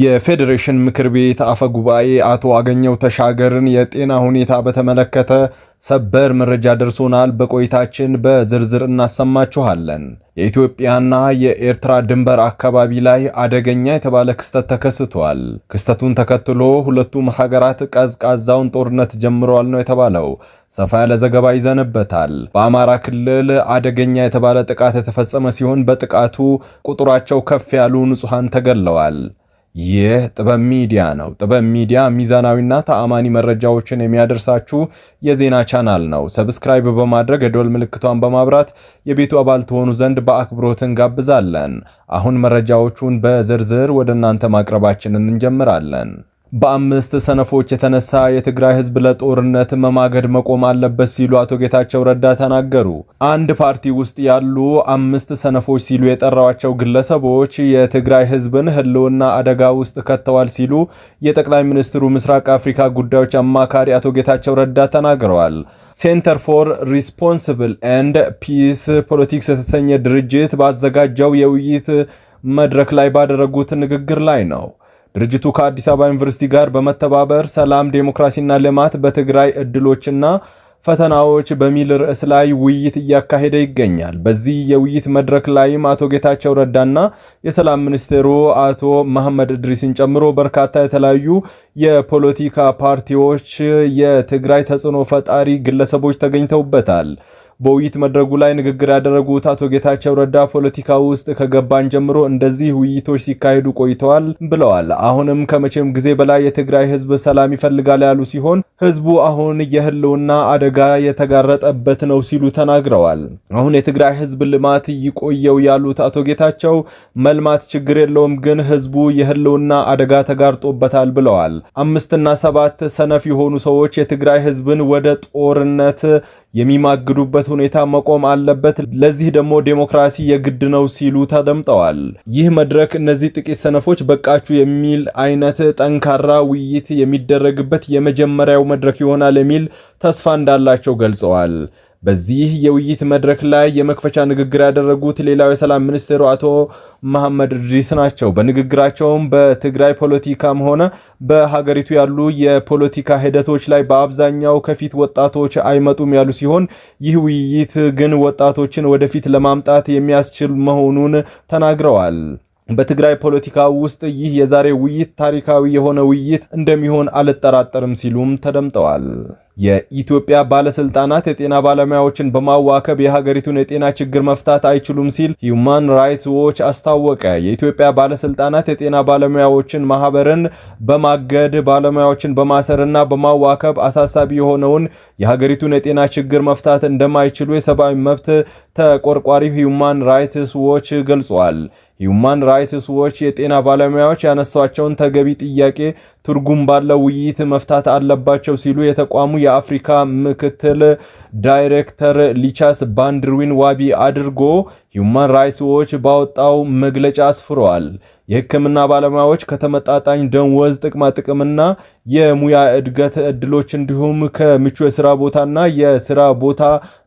የፌዴሬሽን ምክር ቤት አፈ ጉባኤ አቶ አገኘው ተሻገርን የጤና ሁኔታ በተመለከተ ሰበር መረጃ ደርሶናል። በቆይታችን በዝርዝር እናሰማችኋለን። የኢትዮጵያና የኤርትራ ድንበር አካባቢ ላይ አደገኛ የተባለ ክስተት ተከስቷል። ክስተቱን ተከትሎ ሁለቱም ሀገራት ቀዝቃዛውን ጦርነት ጀምረዋል ነው የተባለው። ሰፋ ያለ ዘገባ ይዘንበታል። በአማራ ክልል አደገኛ የተባለ ጥቃት የተፈጸመ ሲሆን በጥቃቱ ቁጥራቸው ከፍ ያሉ ንጹሐን ተገለዋል። ይህ ጥበብ ሚዲያ ነው። ጥበብ ሚዲያ ሚዛናዊና ተአማኒ መረጃዎችን የሚያደርሳችሁ የዜና ቻናል ነው። ሰብስክራይብ በማድረግ የዶል ምልክቷን በማብራት የቤቱ አባል ትሆኑ ዘንድ በአክብሮት እንጋብዛለን። አሁን መረጃዎቹን በዝርዝር ወደ እናንተ ማቅረባችንን እንጀምራለን። በአምስት ሰነፎች የተነሳ የትግራይ ህዝብ ለጦርነት መማገድ መቆም አለበት ሲሉ አቶ ጌታቸው ረዳ ተናገሩ። አንድ ፓርቲ ውስጥ ያሉ አምስት ሰነፎች ሲሉ የጠራዋቸው ግለሰቦች የትግራይ ህዝብን ህልውና አደጋ ውስጥ ከተዋል ሲሉ የጠቅላይ ሚኒስትሩ ምስራቅ አፍሪካ ጉዳዮች አማካሪ አቶ ጌታቸው ረዳ ተናግረዋል። ሴንተር ፎር ሪስፖንስብል ኤንድ ፒስ ፖለቲክስ የተሰኘ ድርጅት ባዘጋጀው የውይይት መድረክ ላይ ባደረጉት ንግግር ላይ ነው። ድርጅቱ ከአዲስ አበባ ዩኒቨርሲቲ ጋር በመተባበር ሰላም፣ ዴሞክራሲና ልማት በትግራይ እድሎችና ፈተናዎች በሚል ርዕስ ላይ ውይይት እያካሄደ ይገኛል። በዚህ የውይይት መድረክ ላይም አቶ ጌታቸው ረዳና የሰላም ሚኒስትሩ አቶ መሐመድ እድሪስን ጨምሮ በርካታ የተለያዩ የፖለቲካ ፓርቲዎች፣ የትግራይ ተጽዕኖ ፈጣሪ ግለሰቦች ተገኝተውበታል። በውይይት መድረጉ ላይ ንግግር ያደረጉት አቶ ጌታቸው ረዳ ፖለቲካ ውስጥ ከገባን ጀምሮ እንደዚህ ውይይቶች ሲካሄዱ ቆይተዋል ብለዋል። አሁንም ከመቼም ጊዜ በላይ የትግራይ ህዝብ ሰላም ይፈልጋል ያሉ ሲሆን ህዝቡ አሁን የህልውና አደጋ የተጋረጠበት ነው ሲሉ ተናግረዋል። አሁን የትግራይ ህዝብ ልማት ይቆየው ያሉት አቶ ጌታቸው መልማት ችግር የለውም ግን ህዝቡ የህልውና አደጋ ተጋርጦበታል ብለዋል። አምስትና ሰባት ሰነፍ የሆኑ ሰዎች የትግራይ ህዝብን ወደ ጦርነት የሚማግዱበት ሁኔታ መቆም አለበት፣ ለዚህ ደግሞ ዴሞክራሲ የግድ ነው ሲሉ ተደምጠዋል። ይህ መድረክ እነዚህ ጥቂት ሰነፎች በቃችሁ የሚል አይነት ጠንካራ ውይይት የሚደረግበት የመጀመሪያው መድረክ ይሆናል የሚል ተስፋ እንዳላቸው ገልጸዋል። በዚህ የውይይት መድረክ ላይ የመክፈቻ ንግግር ያደረጉት ሌላው የሰላም ሚኒስትሩ አቶ መሐመድ እድሪስ ናቸው። በንግግራቸውም በትግራይ ፖለቲካም ሆነ በሀገሪቱ ያሉ የፖለቲካ ሂደቶች ላይ በአብዛኛው ከፊት ወጣቶች አይመጡም ያሉ ሲሆን ይህ ውይይት ግን ወጣቶችን ወደፊት ለማምጣት የሚያስችል መሆኑን ተናግረዋል። በትግራይ ፖለቲካ ውስጥ ይህ የዛሬ ውይይት ታሪካዊ የሆነ ውይይት እንደሚሆን አልጠራጠርም ሲሉም ተደምጠዋል። የኢትዮጵያ ባለስልጣናት የጤና ባለሙያዎችን በማዋከብ የሀገሪቱን የጤና ችግር መፍታት አይችሉም ሲል ሂዩማን ራይትስ ዎች አስታወቀ። የኢትዮጵያ ባለስልጣናት የጤና ባለሙያዎችን ማህበርን በማገድ ባለሙያዎችን በማሰርና በማዋከብ አሳሳቢ የሆነውን የሀገሪቱን የጤና ችግር መፍታት እንደማይችሉ የሰብአዊ መብት ተቆርቋሪ ሂዩማን ራይትስ ዎች ገልጿል። የሁማን ራይትስ ዎች የጤና ባለሙያዎች ያነሷቸውን ተገቢ ጥያቄ ትርጉም ባለው ውይይት መፍታት አለባቸው ሲሉ የተቋሙ የአፍሪካ ምክትል ዳይሬክተር ሊቻስ ባንድርዊን ዋቢ አድርጎ ሁማን ራይትስ ዎች ባወጣው መግለጫ አስፍረዋል። የሕክምና ባለሙያዎች ከተመጣጣኝ ደንወዝ ጥቅማጥቅምና የሙያ እድገት እድሎች እንዲሁም ከምቹ የስራ ቦታና የስራ ቦታ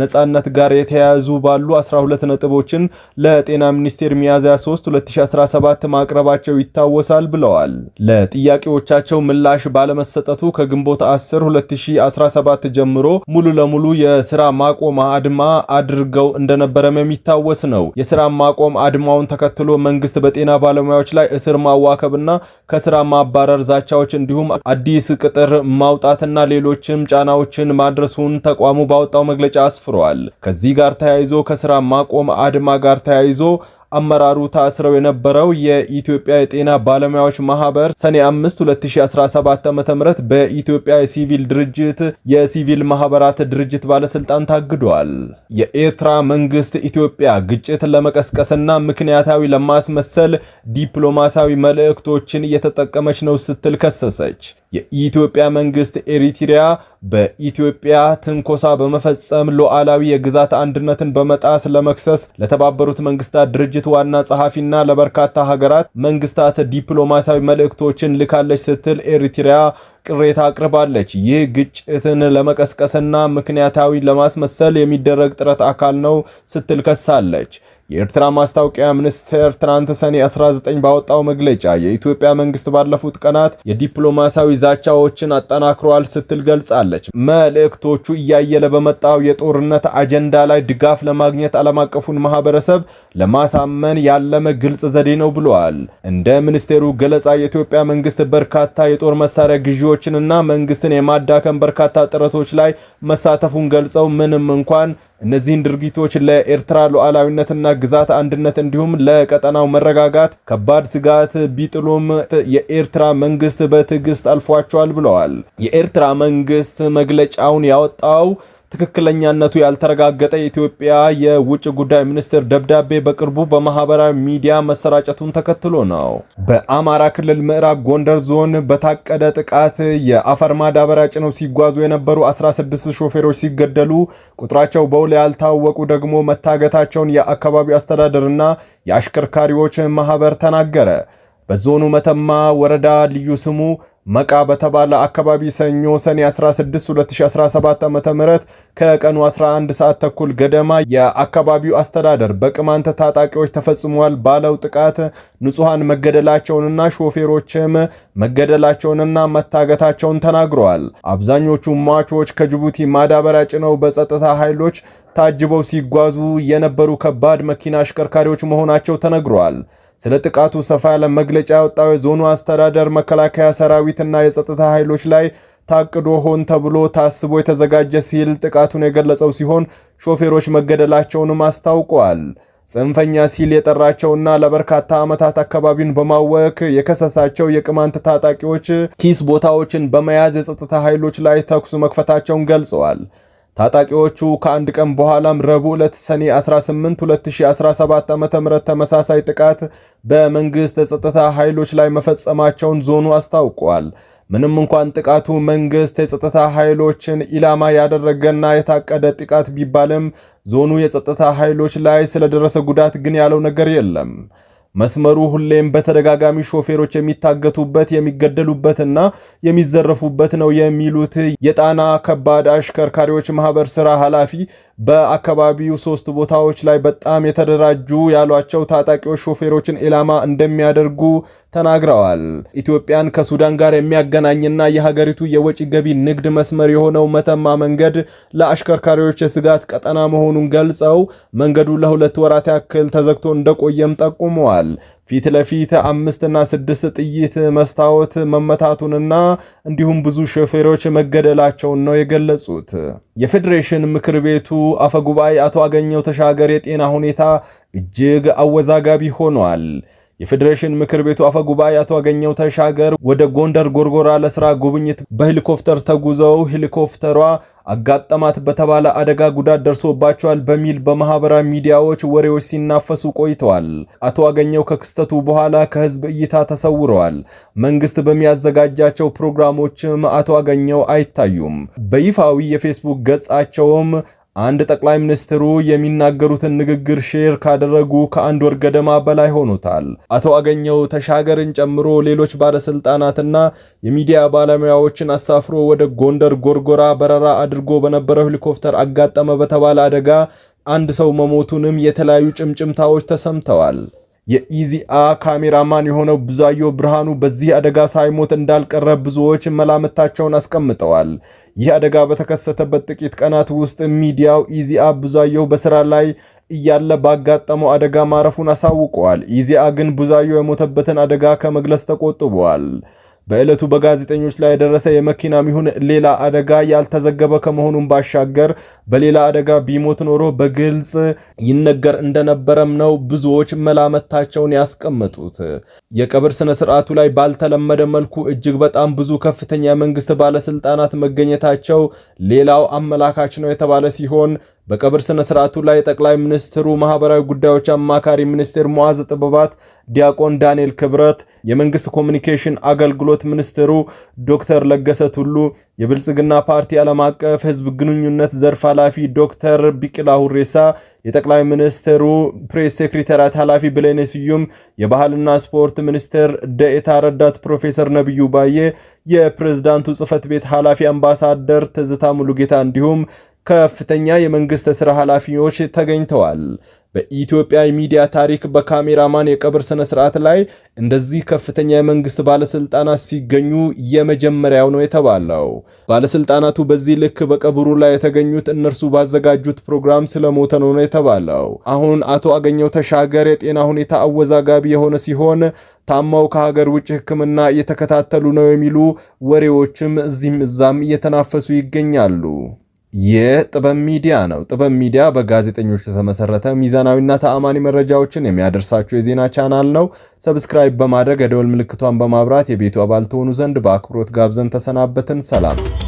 ነጻነት ጋር የተያያዙ ባሉ 12 ነጥቦችን ለጤና ሚኒስቴር ሚያዝያ 3 2017 ማቅረባቸው ይታወሳል ብለዋል። ለጥያቄዎቻ ለአቤቱታቸው ምላሽ ባለመሰጠቱ ከግንቦት 10 2017 ጀምሮ ሙሉ ለሙሉ የስራ ማቆም አድማ አድርገው እንደነበረም የሚታወስ ነው። የስራ ማቆም አድማውን ተከትሎ መንግስት በጤና ባለሙያዎች ላይ እስር ማዋከብና ከስራ ማባረር ዛቻዎች፣ እንዲሁም አዲስ ቅጥር ማውጣትና ሌሎችም ጫናዎችን ማድረሱን ተቋሙ ባወጣው መግለጫ አስፍሯል። ከዚህ ጋር ተያይዞ ከስራ ማቆም አድማ ጋር ተያይዞ አመራሩ ታስረው የነበረው የኢትዮጵያ የጤና ባለሙያዎች ማህበር ሰኔ 5 2017 ዓ.ም በኢትዮጵያ የሲቪል ድርጅት የሲቪል ማህበራት ድርጅት ባለስልጣን ታግዷል። የኤርትራ መንግስት ኢትዮጵያ ግጭት ለመቀስቀስና ምክንያታዊ ለማስመሰል ዲፕሎማሲያዊ መልእክቶችን እየተጠቀመች ነው ስትል ከሰሰች። የኢትዮጵያ መንግስት ኤሪትሪያ በኢትዮጵያ ትንኮሳ በመፈጸም ሉዓላዊ የግዛት አንድነትን በመጣስ ለመክሰስ ለተባበሩት መንግስታት ድርጅት ዋና ጸሐፊና ለበርካታ ሀገራት መንግስታት ዲፕሎማሲያዊ መልእክቶችን ልካለች ስትል ኤሪትሪያ ቅሬታ አቅርባለች። ይህ ግጭትን ለመቀስቀስና ምክንያታዊ ለማስመሰል የሚደረግ ጥረት አካል ነው ስትል ከሳለች። የኤርትራ ማስታወቂያ ሚኒስቴር ትናንት ሰኔ 19 ባወጣው መግለጫ የኢትዮጵያ መንግስት ባለፉት ቀናት የዲፕሎማሲያዊ ዛቻዎችን አጠናክሯል ስትል ገልጻለች። መልእክቶቹ እያየለ በመጣው የጦርነት አጀንዳ ላይ ድጋፍ ለማግኘት ዓለም አቀፉን ማህበረሰብ ለማሳመን ያለመ ግልጽ ዘዴ ነው ብለዋል። እንደ ሚኒስቴሩ ገለጻ የኢትዮጵያ መንግስት በርካታ የጦር መሳሪያ ግዢዎች ተቃዋሚዎችንና መንግስትን የማዳከም በርካታ ጥረቶች ላይ መሳተፉን ገልጸው ምንም እንኳን እነዚህን ድርጊቶች ለኤርትራ ሉዓላዊነትና ግዛት አንድነት እንዲሁም ለቀጠናው መረጋጋት ከባድ ስጋት ቢጥሉም የኤርትራ መንግስት በትዕግስት አልፏቸዋል ብለዋል። የኤርትራ መንግስት መግለጫውን ያወጣው ትክክለኛነቱ ያልተረጋገጠ የኢትዮጵያ የውጭ ጉዳይ ሚኒስቴር ደብዳቤ በቅርቡ በማህበራዊ ሚዲያ መሰራጨቱን ተከትሎ ነው። በአማራ ክልል ምዕራብ ጎንደር ዞን በታቀደ ጥቃት የአፈር ማዳበሪያ ጭነው ሲጓዙ የነበሩ 16 ሾፌሮች ሲገደሉ ቁጥራቸው በውል ያልታወቁ ደግሞ መታገታቸውን የአካባቢው አስተዳደርና የአሽከርካሪዎች ማህበር ተናገረ። በዞኑ መተማ ወረዳ ልዩ ስሙ መቃ በተባለ አካባቢ ሰኞ ሰኔ 16 2017 ዓ.ም ከቀኑ 11 ሰዓት ተኩል ገደማ የአካባቢው አስተዳደር በቅማንት ታጣቂዎች ተፈጽሟል ባለው ጥቃት ንጹሐን መገደላቸውንና ሾፌሮችም መገደላቸውንና መታገታቸውን ተናግረዋል። አብዛኞቹ ሟቾች ከጅቡቲ ማዳበሪያ ጭነው በጸጥታ ኃይሎች ታጅበው ሲጓዙ የነበሩ ከባድ መኪና አሽከርካሪዎች መሆናቸው ተነግረዋል። ስለ ጥቃቱ ሰፋ ያለ መግለጫ ያወጣው የዞኑ አስተዳደር መከላከያ ሰራዊትና የጸጥታ ኃይሎች ላይ ታቅዶ ሆን ተብሎ ታስቦ የተዘጋጀ ሲል ጥቃቱን የገለጸው ሲሆን ሾፌሮች መገደላቸውንም አስታውቋል። ጽንፈኛ ሲል የጠራቸውና ለበርካታ ዓመታት አካባቢውን በማወክ የከሰሳቸው የቅማንት ታጣቂዎች ኪስ ቦታዎችን በመያዝ የጸጥታ ኃይሎች ላይ ተኩስ መክፈታቸውን ገልጸዋል። ታጣቂዎቹ ከአንድ ቀን በኋላም ረቡዕ ዕለት ሰኔ 18 2017 ም ተመሳሳይ ጥቃት በመንግሥት የጸጥታ ኃይሎች ላይ መፈጸማቸውን ዞኑ አስታውቋል። ምንም እንኳን ጥቃቱ መንግሥት የጸጥታ ኃይሎችን ኢላማ ያደረገና የታቀደ ጥቃት ቢባልም ዞኑ የጸጥታ ኃይሎች ላይ ስለደረሰ ጉዳት ግን ያለው ነገር የለም። መስመሩ ሁሌም በተደጋጋሚ ሾፌሮች የሚታገቱበት የሚገደሉበትና የሚዘረፉበት ነው የሚሉት የጣና ከባድ አሽከርካሪዎች ማህበር ስራ ኃላፊ በአካባቢው ሶስት ቦታዎች ላይ በጣም የተደራጁ ያሏቸው ታጣቂዎች ሾፌሮችን ኢላማ እንደሚያደርጉ ተናግረዋል። ኢትዮጵያን ከሱዳን ጋር የሚያገናኝና የሀገሪቱ የወጪ ገቢ ንግድ መስመር የሆነው መተማ መንገድ ለአሽከርካሪዎች የስጋት ቀጠና መሆኑን ገልጸው መንገዱ ለሁለት ወራት ያክል ተዘግቶ እንደቆየም ጠቁመዋል። ፊት ለፊት አምስትና ስድስት ጥይት መስታወት መመታቱንና እንዲሁም ብዙ ሾፌሮች መገደላቸውን ነው የገለጹት። የፌዴሬሽን ምክር ቤቱ አፈ ጉባኤ አቶ አገኘው ተሻገር የጤና ሁኔታ እጅግ አወዛጋቢ ሆኗል። የፌዴሬሽን ምክር ቤቱ አፈ ጉባኤ አቶ አገኘው ተሻገር ወደ ጎንደር ጎርጎራ ለስራ ጉብኝት በሄሊኮፕተር ተጉዘው ሄሊኮፕተሯ አጋጠማት በተባለ አደጋ ጉዳት ደርሶባቸዋል በሚል በማህበራዊ ሚዲያዎች ወሬዎች ሲናፈሱ ቆይተዋል። አቶ አገኘው ከክስተቱ በኋላ ከህዝብ እይታ ተሰውረዋል። መንግስት በሚያዘጋጃቸው ፕሮግራሞችም አቶ አገኘው አይታዩም። በይፋዊ የፌስቡክ ገጻቸውም አንድ ጠቅላይ ሚኒስትሩ የሚናገሩትን ንግግር ሼር ካደረጉ ከአንድ ወር ገደማ በላይ ሆኖታል። አቶ አገኘው ተሻገርን ጨምሮ ሌሎች ባለስልጣናትና የሚዲያ ባለሙያዎችን አሳፍሮ ወደ ጎንደር ጎርጎራ በረራ አድርጎ በነበረው ሄሊኮፕተር አጋጠመ በተባለ አደጋ አንድ ሰው መሞቱንም የተለያዩ ጭምጭምታዎች ተሰምተዋል። የኢዚአ ካሜራማን የሆነው ብዛዮ ብርሃኑ በዚህ አደጋ ሳይሞት እንዳልቀረ ብዙዎች መላምታቸውን አስቀምጠዋል። ይህ አደጋ በተከሰተበት ጥቂት ቀናት ውስጥ ሚዲያው ኢዚአ ብዙአየሁ በስራ ላይ እያለ ባጋጠመው አደጋ ማረፉን አሳውቀዋል። ኢዚአ ግን ብዛዮ የሞተበትን አደጋ ከመግለጽ ተቆጥቧል። በዕለቱ በጋዜጠኞች ላይ የደረሰ የመኪናም ይሁን ሌላ አደጋ ያልተዘገበ ከመሆኑም ባሻገር በሌላ አደጋ ቢሞት ኖሮ በግልጽ ይነገር እንደነበረም ነው ብዙዎች መላመታቸውን ያስቀመጡት። የቀብር ስነ ስርዓቱ ላይ ባልተለመደ መልኩ እጅግ በጣም ብዙ ከፍተኛ የመንግስት ባለስልጣናት መገኘታቸው ሌላው አመላካች ነው የተባለ ሲሆን በቀብር ስነ ስርዓቱ ላይ ጠቅላይ ሚኒስትሩ ማህበራዊ ጉዳዮች አማካሪ ሚኒስትር ሙዓዝ ጥበባት ዲያቆን ዳንኤል ክብረት፣ የመንግስት ኮሚኒኬሽን አገልግሎት ሚኒስትሩ ዶክተር ለገሰ ቱሉ፣ የብልጽግና ፓርቲ ዓለም አቀፍ ህዝብ ግንኙነት ዘርፍ ኃላፊ ዶክተር ቢቂላ ሁሬሳ፣ የጠቅላይ ሚኒስትሩ ፕሬስ ሴክሬታሪያት ኃላፊ ብሌኔ ስዩም፣ የባህልና ስፖርት ሚኒስትር ደኤታ ረዳት ፕሮፌሰር ነቢዩ ባዬ፣ የፕሬዝዳንቱ ጽህፈት ቤት ኃላፊ አምባሳደር ትዝታ ሙሉጌታ እንዲሁም ከፍተኛ የመንግስት ስራ ኃላፊዎች ተገኝተዋል። በኢትዮጵያ የሚዲያ ታሪክ በካሜራማን የቀብር ስነ ስርዓት ላይ እንደዚህ ከፍተኛ የመንግስት ባለስልጣናት ሲገኙ የመጀመሪያው ነው የተባለው። ባለስልጣናቱ በዚህ ልክ በቀብሩ ላይ የተገኙት እነርሱ ባዘጋጁት ፕሮግራም ስለሞተ ነው ነው የተባለው። አሁን አቶ አገኘው ተሻገር የጤና ሁኔታ አወዛጋቢ የሆነ ሲሆን ታማው ከሀገር ውጭ ሕክምና እየተከታተሉ ነው የሚሉ ወሬዎችም እዚህም እዛም እየተናፈሱ ይገኛሉ። የጥበብ ሚዲያ ነው። ጥበብ ሚዲያ በጋዜጠኞች የተመሰረተ ሚዛናዊና ተአማኒ መረጃዎችን የሚያደርሳችሁ የዜና ቻናል ነው። ሰብስክራይብ በማድረግ የደወል ምልክቷን በማብራት የቤቱ አባል ትሆኑ ዘንድ በአክብሮት ጋብዘን ተሰናበትን። ሰላም